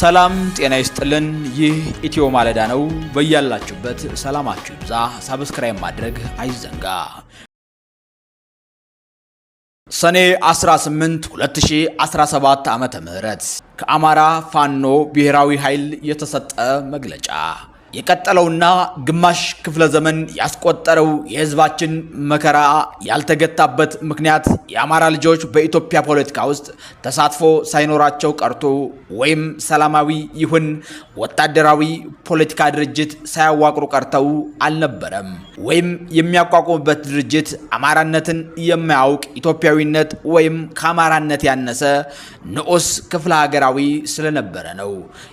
ሰላም ጤና ይስጥልን። ይህ ኢትዮ ማለዳ ነው። በያላችሁበት ሰላማችሁ ይብዛ። ሳብስክራይብ ማድረግ አይዘንጋ። ሰኔ 18 2017 ዓ.ም ከአማራ ፋኖ ብሔራዊ ኃይል የተሰጠ መግለጫ የቀጠለውና ግማሽ ክፍለ ዘመን ያስቆጠረው የህዝባችን መከራ ያልተገታበት ምክንያት የአማራ ልጆች በኢትዮጵያ ፖለቲካ ውስጥ ተሳትፎ ሳይኖራቸው ቀርቶ ወይም ሰላማዊ ይሁን ወታደራዊ ፖለቲካ ድርጅት ሳያዋቅሩ ቀርተው አልነበረም። ወይም የሚያቋቁሙበት ድርጅት አማራነትን የማያውቅ ኢትዮጵያዊነት ወይም ከአማራነት ያነሰ ንዑስ ክፍለ ሀገራዊ ስለነበረ ነው።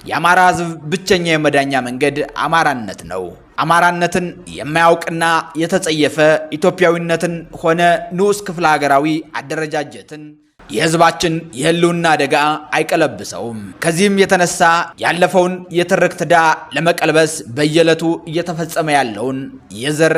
የአማራ ህዝብ ብቸኛ የመዳኛ መንገድ አማራነት ነው። አማራነትን የማያውቅና የተጸየፈ ኢትዮጵያዊነትን ሆነ ንዑስ ክፍለ ሀገራዊ አደረጃጀትን የህዝባችን የህልውና አደጋ አይቀለብሰውም። ከዚህም የተነሳ ያለፈውን የትርክት ዕዳ ለመቀልበስ በየዕለቱ እየተፈጸመ ያለውን የዘር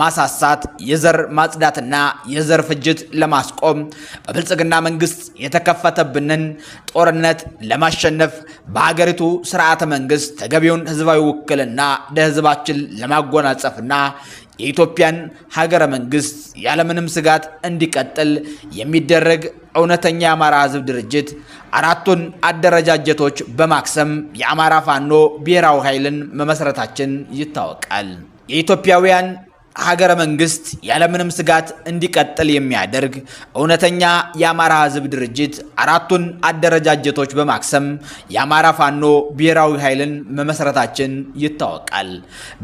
ማሳሳት፣ የዘር ማጽዳትና የዘር ፍጅት ለማስቆም በብልጽግና መንግስት የተከፈተብንን ጦርነት ለማሸነፍ በሀገሪቱ ስርዓተ መንግስት ተገቢውን ህዝባዊ ውክልና ለህዝባችን ለማጎናጸፍና የኢትዮጵያን ሀገረ መንግስት ያለምንም ስጋት እንዲቀጥል የሚደረግ እውነተኛ የአማራ ህዝብ ድርጅት አራቱን አደረጃጀቶች በማክሰም የአማራ ፋኖ ብሔራዊ ኃይልን መመስረታችን ይታወቃል። የኢትዮጵያውያን ሀገረ መንግስት ያለምንም ስጋት እንዲቀጥል የሚያደርግ እውነተኛ የአማራ ህዝብ ድርጅት አራቱን አደረጃጀቶች በማክሰም የአማራ ፋኖ ብሔራዊ ኃይልን መመስረታችን ይታወቃል።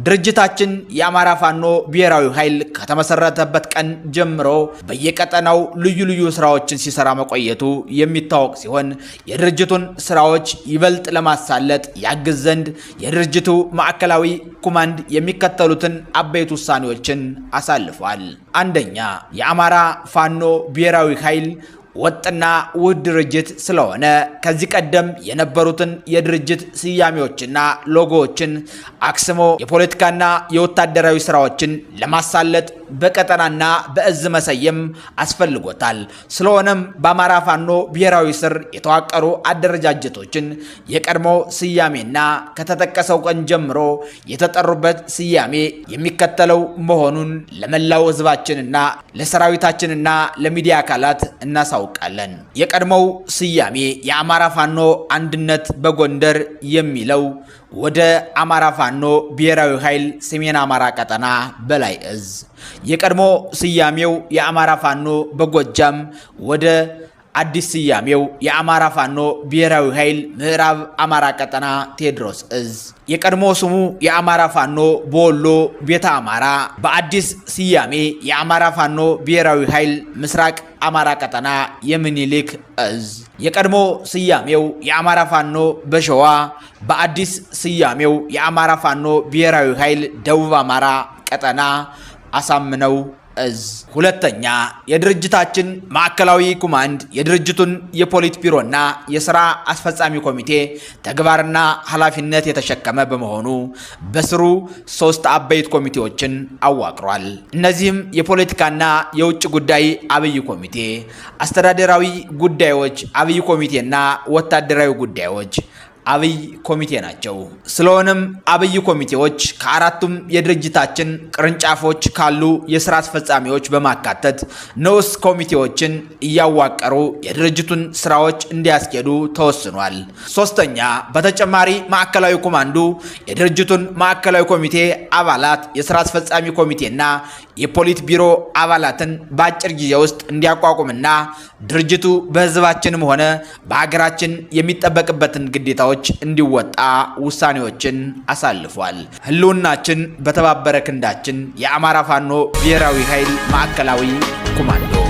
ድርጅታችን የአማራ ፋኖ ብሔራዊ ኃይል ከተመሰረተበት ቀን ጀምሮ በየቀጠናው ልዩ ልዩ ስራዎችን ሲሰራ መቆየቱ የሚታወቅ ሲሆን የድርጅቱን ስራዎች ይበልጥ ለማሳለጥ ያግዝ ዘንድ የድርጅቱ ማዕከላዊ ኮማንድ የሚከተሉትን አበይት ውሳኔዎች መልእክቶችን አሳልፏል። አንደኛ የአማራ ፋኖ ብሔራዊ ኃይል ወጥና ውህድ ድርጅት ስለሆነ ከዚህ ቀደም የነበሩትን የድርጅት ስያሜዎችና ሎጎዎችን አክስሞ የፖለቲካና የወታደራዊ ስራዎችን ለማሳለጥ በቀጠናና በእዝ መሰየም አስፈልጎታል። ስለሆነም በአማራ ፋኖ ብሔራዊ ስር የተዋቀሩ አደረጃጀቶችን የቀድሞ ስያሜና ከተጠቀሰው ቀን ጀምሮ የተጠሩበት ስያሜ የሚከተለው መሆኑን ለመላው ህዝባችንና ለሰራዊታችንና ለሚዲያ አካላት እናሳውቃለን። የቀድሞው ስያሜ የአማራ ፋኖ አንድነት በጎንደር የሚለው ወደ አማራ ፋኖ ብሔራዊ ኃይል ሰሜን አማራ ቀጠና በላይ እዝ የቀድሞ ስያሜው የአማራ ፋኖ በጎጃም ወደ አዲስ ስያሜው የአማራ ፋኖ ብሔራዊ ኃይል ምዕራብ አማራ ቀጠና ቴዎድሮስ እዝ የቀድሞ ስሙ የአማራ ፋኖ በወሎ ቤተ አማራ በአዲስ ስያሜ የአማራ ፋኖ ብሔራዊ ኃይል ምስራቅ አማራ ቀጠና የምኒልክ እዝ የቀድሞ ስያሜው የአማራ ፋኖ በሸዋ በአዲስ ስያሜው የአማራ ፋኖ ብሔራዊ ኃይል ደቡብ አማራ ቀጠና አሳምነው እዝ ሁለተኛ የድርጅታችን ማዕከላዊ ኮማንድ የድርጅቱን የፖሊት ቢሮና የሥራ አስፈጻሚ ኮሚቴ ተግባርና ኃላፊነት የተሸከመ በመሆኑ በስሩ ሶስት አበይት ኮሚቴዎችን አዋቅሯል። እነዚህም የፖለቲካና የውጭ ጉዳይ አብይ ኮሚቴ፣ አስተዳደራዊ ጉዳዮች አብይ ኮሚቴና ወታደራዊ ጉዳዮች አብይ ኮሚቴ ናቸው። ስለሆነም አብይ ኮሚቴዎች ከአራቱም የድርጅታችን ቅርንጫፎች ካሉ የስራ አስፈጻሚዎች በማካተት ንዑስ ኮሚቴዎችን እያዋቀሩ የድርጅቱን ስራዎች እንዲያስኬዱ ተወስኗል። ሶስተኛ፣ በተጨማሪ ማዕከላዊ ኮማንዱ የድርጅቱን ማዕከላዊ ኮሚቴ አባላት፣ የስራ አስፈጻሚ ኮሚቴና የፖሊት ቢሮ አባላትን በአጭር ጊዜ ውስጥ እንዲያቋቁምና ድርጅቱ በህዝባችንም ሆነ በሀገራችን የሚጠበቅበትን ግዴታዎች ጉዳዮች እንዲወጣ ውሳኔዎችን አሳልፏል። ህልውናችን በተባበረ ክንዳችን የአማራ ፋኖ ብሔራዊ ኃይል ማዕከላዊ ኮማንዶ